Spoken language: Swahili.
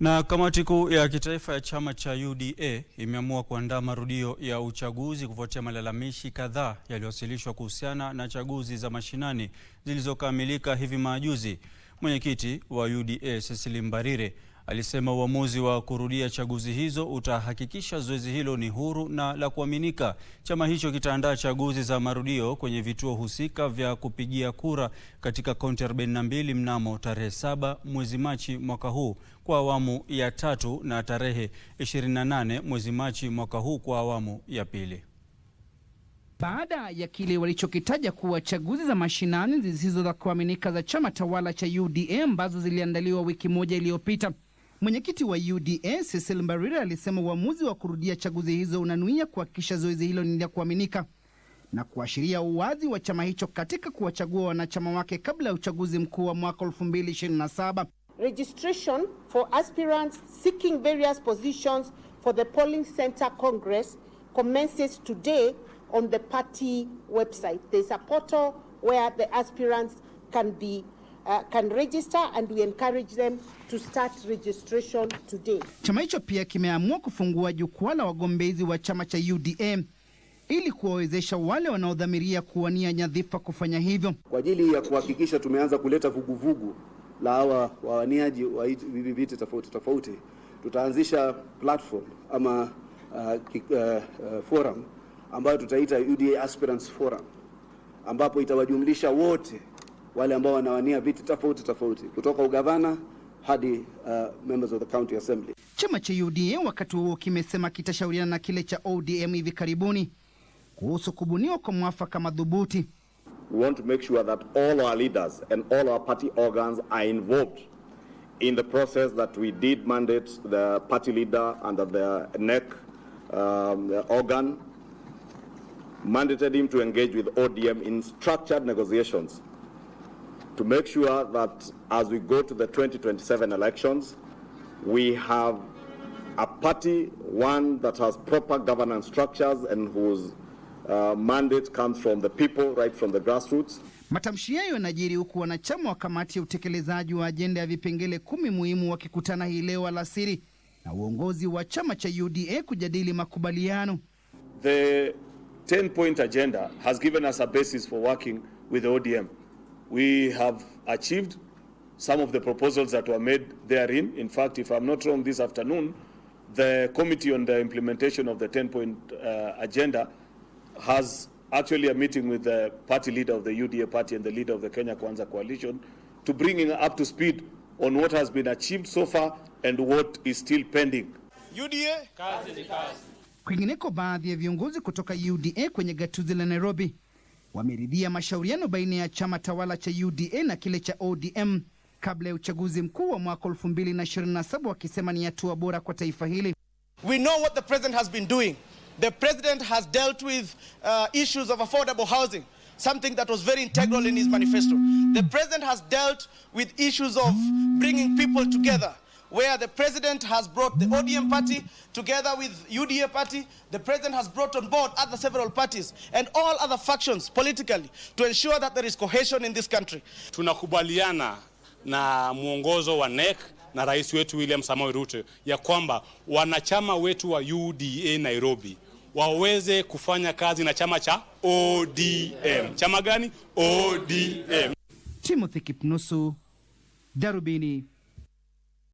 Na kamati kuu ya kitaifa ya chama cha UDA imeamua kuandaa marudio ya uchaguzi kufuatia malalamishi kadhaa yaliyowasilishwa kuhusiana na chaguzi za mashinani zilizokamilika hivi majuzi. Mwenyekiti wa UDA Cecily Mbarire alisema uamuzi wa kurudia chaguzi hizo utahakikisha zoezi hilo ni huru na la kuaminika. Chama hicho kitaandaa chaguzi za marudio kwenye vituo husika vya kupigia kura katika kaunti 42 mnamo tarehe 7 mwezi Machi mwaka huu kwa awamu ya tatu na tarehe 28 mwezi Machi mwaka huu kwa awamu ya pili. Baada ya kile walichokitaja kuwa chaguzi za mashinani zisizo za kuaminika za chama tawala cha UDA ambazo ziliandaliwa wiki moja iliyopita. Mwenyekiti wa UDA Cecil Mbarire alisema uamuzi wa kurudia chaguzi hizo unanuia kuhakikisha zoezi hilo ni la kuaminika na kuashiria uwazi wa chama hicho katika kuwachagua wanachama wake kabla ya uchaguzi mkuu wa mwaka 2027. Registration for aspirants seeking various positions for the polling center congress commences today on the party website. There's a portal where the aspirants can be uh, can register and we encourage them to start registration today. Chama hicho pia kimeamua kufungua jukwaa la wagombezi wa chama cha UDA ili kuwawezesha wale wanaodhamiria kuwania nyadhifa kufanya hivyo kwa ajili ya kuhakikisha tumeanza kuleta vuguvugu la hawa wawaniaji wa hivi viti tofauti tofauti. Tutaanzisha platform ama uh, uh, uh, forum ambayo tutaita UDA Aspirants Forum ambapo itawajumlisha wote wale ambao wanawania viti tofauti tofauti kutoka ugavana hadi uh, members of the county assembly. Chama cha UDA wakati huo kimesema kitashauriana na kile cha ODM hivi karibuni kuhusu kubuniwa kwa mwafaka madhubuti. We want to make sure that all our leaders and all our party organs are involved in the process that we did mandate the party leader under the NEC um, the organ mandated him to engage with ODM in structured negotiations to make sure that as we go to the 2027 elections, we have a party, one that has proper governance structures and whose Uh, mandate comes from the people right from the grassroots. Matamshi hayo yanajiri huku wanachama wa kamati ya utekelezaji wa ajenda ya vipengele kumi muhimu wakikutana hii leo alasiri na uongozi wa chama cha UDA kujadili makubaliano. The 10 point agenda has given us a basis for working with the ODM. We have achieved some of the proposals that were made therein. In fact, if I'm not wrong, this afternoon, the Committee on the Implementation of the 10-point uh, agenda has actually a meeting with the party leader of the UDA party and the leader of the Kenya Kwanza coalition to bring up to speed on what has been achieved so far and what is still pending. UDA kazi ni kazi. Kwingineko, baadhi ya viongozi kutoka UDA kwenye gatuzi la Nairobi wameridhia mashauriano baina ya chama tawala cha UDA na kile cha ODM kabla ya uchaguzi mkuu wa mwaka 2027 wakisema ni hatua bora kwa taifa hili. We know what the president has been doing. The president has dealt with uh, issues of affordable housing, something that was very integral in his manifesto. The president has dealt with issues of bringing people together where the president has brought the ODM party together with UDA party. The president has brought on board other several parties and all other factions politically to ensure that there is cohesion in this country. Tunakubaliana na mwongozo wa NEC na rais wetu William Samoei Ruto ya kwamba wanachama wetu wa UDA Nairobi waweze kufanya kazi na chama cha ODM. Chama gani? ODM. Timothy Kipnusu, Darubini